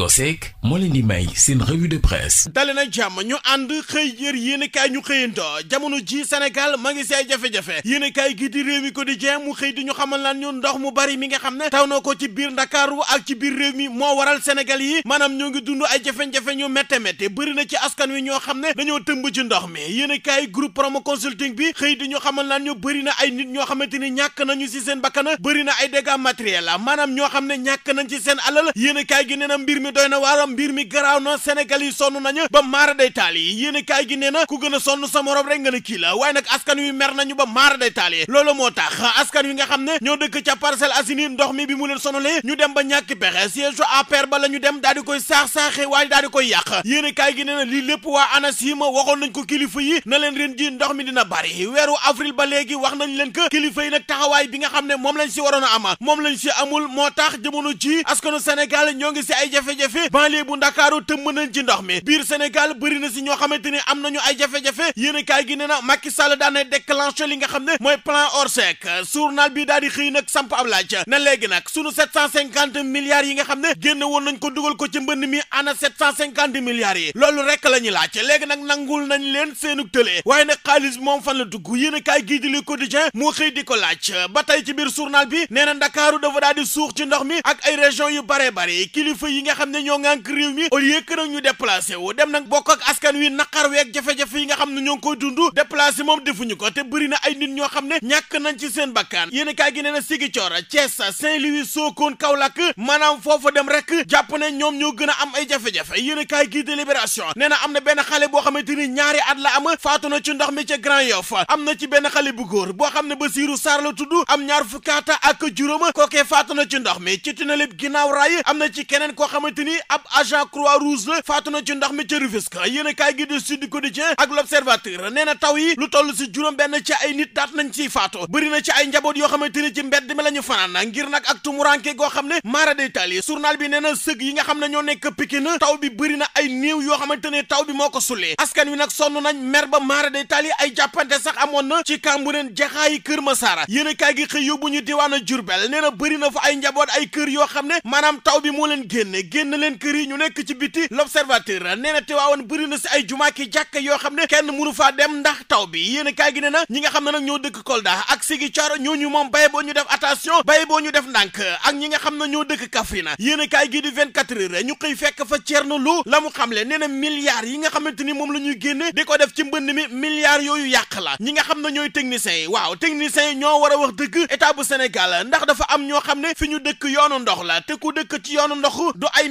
Gosek moo leen di may seen revue de presse dale na jàmm ñu ànd xëy yër yéenekaay ñu xëyantoo jamono ji Sénégal ma ngi si ay jafe-jafe yéenekaay gi di réew mi quotidien mu xëy di ñu xamal lan ñu ndox mu bari mi nga xam ne taw na ko ci biir Ndakaaru ak ci biir réew mi moo waral Sénégal yi maanaam ñoo ngi dund ay jafe-jafe ñu métte métte bëri na ci askan wi ñoo xam ne dañoo tëmb ci ndox mi yéenekaay groupe promo consulting bi xëy di ñu xamal lan ñu bëri na ay nit ñoo xamante ni ñàkk nañu si seen bakkan bëri na ay dégâts matériels maanaam ñoo xam ne ñàkk nañ ci seen alal yéenekaay gi mi doy na waar mbir mi garaaw na Sénégal yi sonn nañu ba maara day taal yi yéen a kaay gi nee na ku gën a sonn sa morom rek nga ne kii la waaye nag askan wi mer nañu ba maara day taal yi loolu moo tax askan wi nga xam ne ñoo dëkk ca Parcelles Assainies ndox mi bi mu leen sonalee ñu dem ba ñàkk pexe siège APR ba la dem daal di koy saax-saaxe waaye daal di koy yàq yéen a kaay gi nee na lii lépp waa ANACIM waxoon nañ ko kilifa yi na leen ren ji ndox mi dina bari weeru avril léegi wax nañ leen ko kilifa yi nag bi nga xam ne moom lañ si waroon a am moom lañ si amul moo tax jamono ji askanu Sénégal ñoo ngi si ay jafe jafe-jafe bu ndakaaru tëmb nañ ci ndox mi biir Sénégal bëri na si ñoo xamante ni am nañu ay jafe-jafe yéen kaay gi nee na Macky Sall daan na li nga xam ne mooy plan Orsec journal bi daal di xëy nag samp ab laaj na léegi nag sunu 750 milliards yi nga xam ne génn woon nañ ko dugal ko ci mbënd mi ana 750 milliards yi loolu rek la ñuy laaj léegi nag nangul nañ leen seenug tëlee waaye nag xaalis moom fan la dugg yéen a kaay di Le Quotidien moo xëy di ko laaj ba tey ci biir journal bi nee na Ndakaaru dafa daal di suux ci ndox mi ak ay région yu bare bare kilifa yi nga xam ne ñoo ŋànk réew mi au lieu que nag ñu déplacé wu dem nag bokk ak askan wi naqar week jafe-jafe yi nga xam ne ñoo ngi koy dund déplacé moom defuñu ko te bëri ay nit ñoo xam ne ñàkk nañ ci seen bakkaan yéen kaay gi nee na Ziguinchor Thiès Saint-Louis Sokone Kaolack maanaam foofa dem rek jàpp ne ñoom ñoo gën a am ay jafe-jafe yéen kaay gi de Libération nee na am na benn xale boo xamante ni ñaari at la am faatu na ci ndox mi ca Grand Yoff am na ci benn xale bu góor boo xam ne Basiru Saar la tudd am ñaar fukkaata ak juróoma kookee faatu na ci ndox mi ci tunelib ginnaaw raay am na ci keneen koo xam xamante ni ab agent croix rouge la faatu na ci ndax mi ca Rufisque yéen a kaay gi de Sud Quotidien ak l'Observateur nee na taw yi lu toll si juróom benn ci ay nit daat nañ ciy faatoo bëri na ci ay njaboot yoo xamante ni ci mbedd mi la ñu fanaan ngir nag ak tumuranke goo xam ne maara day taali bi nee na sëg yi nga xam ne ñoo nekk Pikine taw bi bëri na ay néew yoo xamante ne taw bi moo ko sulee askan wi nag sonn nañ mer ba maara day taali ay jàppante sax amoon na ci Cambérène Jaxaay Kër Masara yéen a kaay gi xëy yóbbu ñu diwaana Jurbel nee na bëri na fa ay njaboot ay kër yoo xam ne maanaam taw bi moo leen génne génn leen kër yi ñu nekk ci biti l'observateur nee na Tiwaawan bëri na si ay jumaa ki jàkk yoo xam ne kenn mënu faa dem ndax taw bi yéen kaay gi ne na ñi nga xam ne nag ñoo dëkk Kolda ak Ziguinchor ñooñu moom bay boo ñu def attention bay boo ñu def ndànk ak ñi nga xam ne ñoo dëkk Kaffrine yéen kaay gi di 24 heures ñu xëy fekk fa Thierno Lo la mu xamle nee na milliards yi nga xamante ni moom la ñuy génne di ko def ci mbënd mi milliards yooyu yàq la ñi nga xam ne ñooy techniciens yi waaw techniciens yi ñoo war a wax dëgg état bu Sénégal ndax dafa am ño xam ne fi ñu dëkk yoonu ndox la te dëkk ci yoonu ndox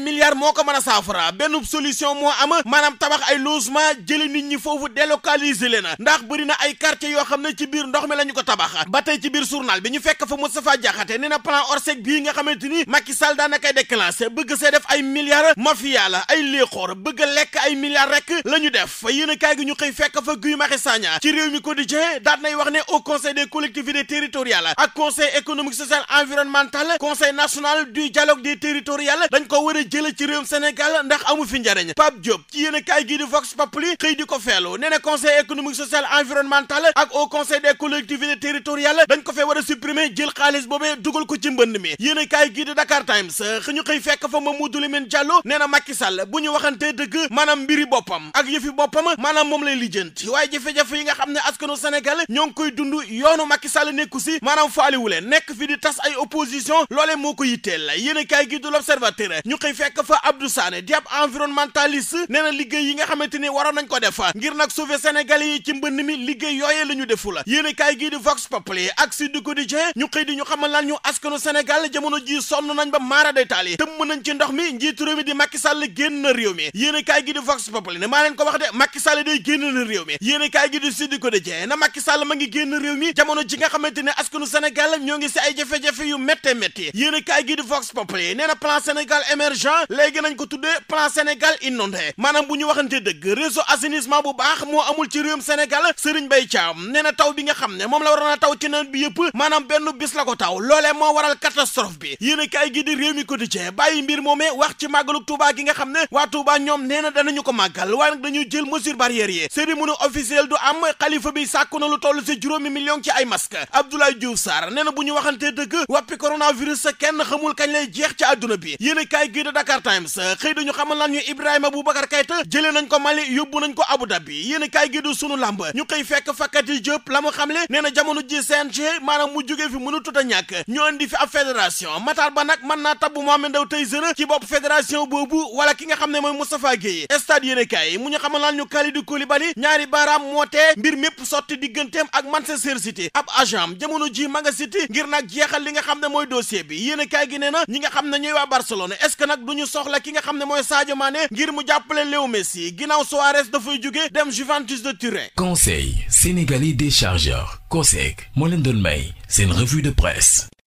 milliards moo ko mën a saafara benn solution moo am maanaam tabax ay logement jëli nit ñi foofu délocaliser leen ndax bëri na ay quartier yoo xam ne ci biir ndox mi la ñu ko tabax ba tey ci biir journal bi ñu fekk fa Moustapha Diakhaté nee na plan Orsec bii nga xamante ni Macky Sall daanakay bëgg see def ay milliards mafia la ay léexoor bëgg lekk ay milliards rek la ñu def fa a gi ñu xëy fekk fa Guy Marius Sagna ci réew mi quotidien daat nay wax ne au conseil des collectivités ak conseil économique social environnemental conseil national du dialogue des territoriales ko war jële ci réew Sénégal ndax amu fi njariñ Pape Diop ci yéen a kaay gii di Vox Populi xëy di ko feelu nee na conseil économique social environnemental ak au conseil des collectivités territoriales dañ ko fee war a supprimer jël xaalis boobee dugal ko ci mbënd mi yéen a kaay gii di Dakar Times ñu xëy fekk fa Mamadou Lamine Diallo nee na Macky Sall bu ñu waxantee dëgg maanaam mbiri boppam ak yëfi boppam maanaam moom lay lijjanti waaye jafe-jafe yi nga xam ne askanu Sénégal ñoo ngi koy dund yoonu Macky Sall nekku si maanaam faaliwu leen nekk fi tas ay opposition loolee moo ko yitteel yéen kaay gii di fekk fa Abdou Sané di ab environnementaliste nee liggéey yi nga xamante ni waroon nañ ko def ngir nag sauver sénégalais yi ci mbënn mi liggéey yooyee la ñu defu la yéen a kaay gii di Vox Populi ak Sud Quotidien ñu xëy ñu xamal lan ñu askanu Sénégal jamono ji sonn nañ ba maara day taal tëmm nañ ci ndox mi njiitu réew mi di Macky Sall génn na réew mi yéen a kaay gii di Vox Populi ne maa leen ko wax de Macky Sall génn na réew mi yéen a kaay gii di Sud Quotidien na ñoo ngi si ay yu métte métti yéen a kaay gii di Vox Populi nee Auchan léegi nañ ko tuddee plan Sénégal inondé maanaam bu ñu waxante dëgg réseau assainissement bu baax moo amul ci réewum Sénégal Serigne bay Thiam nee na taw bi nga xam ne moom la waroon a taw ci nawet bi yëpp maanaam benn bis la ko taw loole moo waral catastrophe bi yéen a kaay gi di réew mi quotidien bàyyi mbir moomee wax ci màggalu Touba i nga xam ne waa Touba ñoom nee na danañu ko màggal waaye nag dañuy jël mesure barrière yi cérémonie officielle du am xalifa bi sàkku na lu toll si juróomi million ci ay masque Abdoulaye Diouf Sarr nee na bu ñu waxante dëgg wàppi coronavirus kenn xamul kañ lay jeex ci àdduna bi yéen Dakar Times xëy dañu xamal lan ñu Ibrahima Boubacar Keita jëlee nañ ko Mali yóbbu nañ ko Abu Dhabi yéen i kaay gi du sunu làmb ñu koy fekk Fakati Diop la xam xamle nee na jamono ji CNG maanaam mu jógee fi mënu tut a ñàkk ñu andi fi ab fédération Matar Ba nag mën naa tabbu Mohamed Ndao Tyson ci bopp fédération boobu wala ki nga xam ne mooy Moustapha Guèye stade yéen i kaay mu ñu xamal lan ñu Kalidou Koulibaly ñaari baaraam moo tee mbir mépp sotti digganteem ak Manchester City ab agent jamono ji ma nga City ngir nag jeexal li nga xam ne mooy dossier bi yéen i kaay gi nee xam ne ñooy waa Barcelone nag du ñu soxla ki nga xam ne mooy Sadio Mané ngir mu jàppale Léo Messi ginnaaw Suarez dafay jóge dem Juventus de Turin. Conseil sénégalais des chargeurs COSEC moo leen doon may seen revue de presse.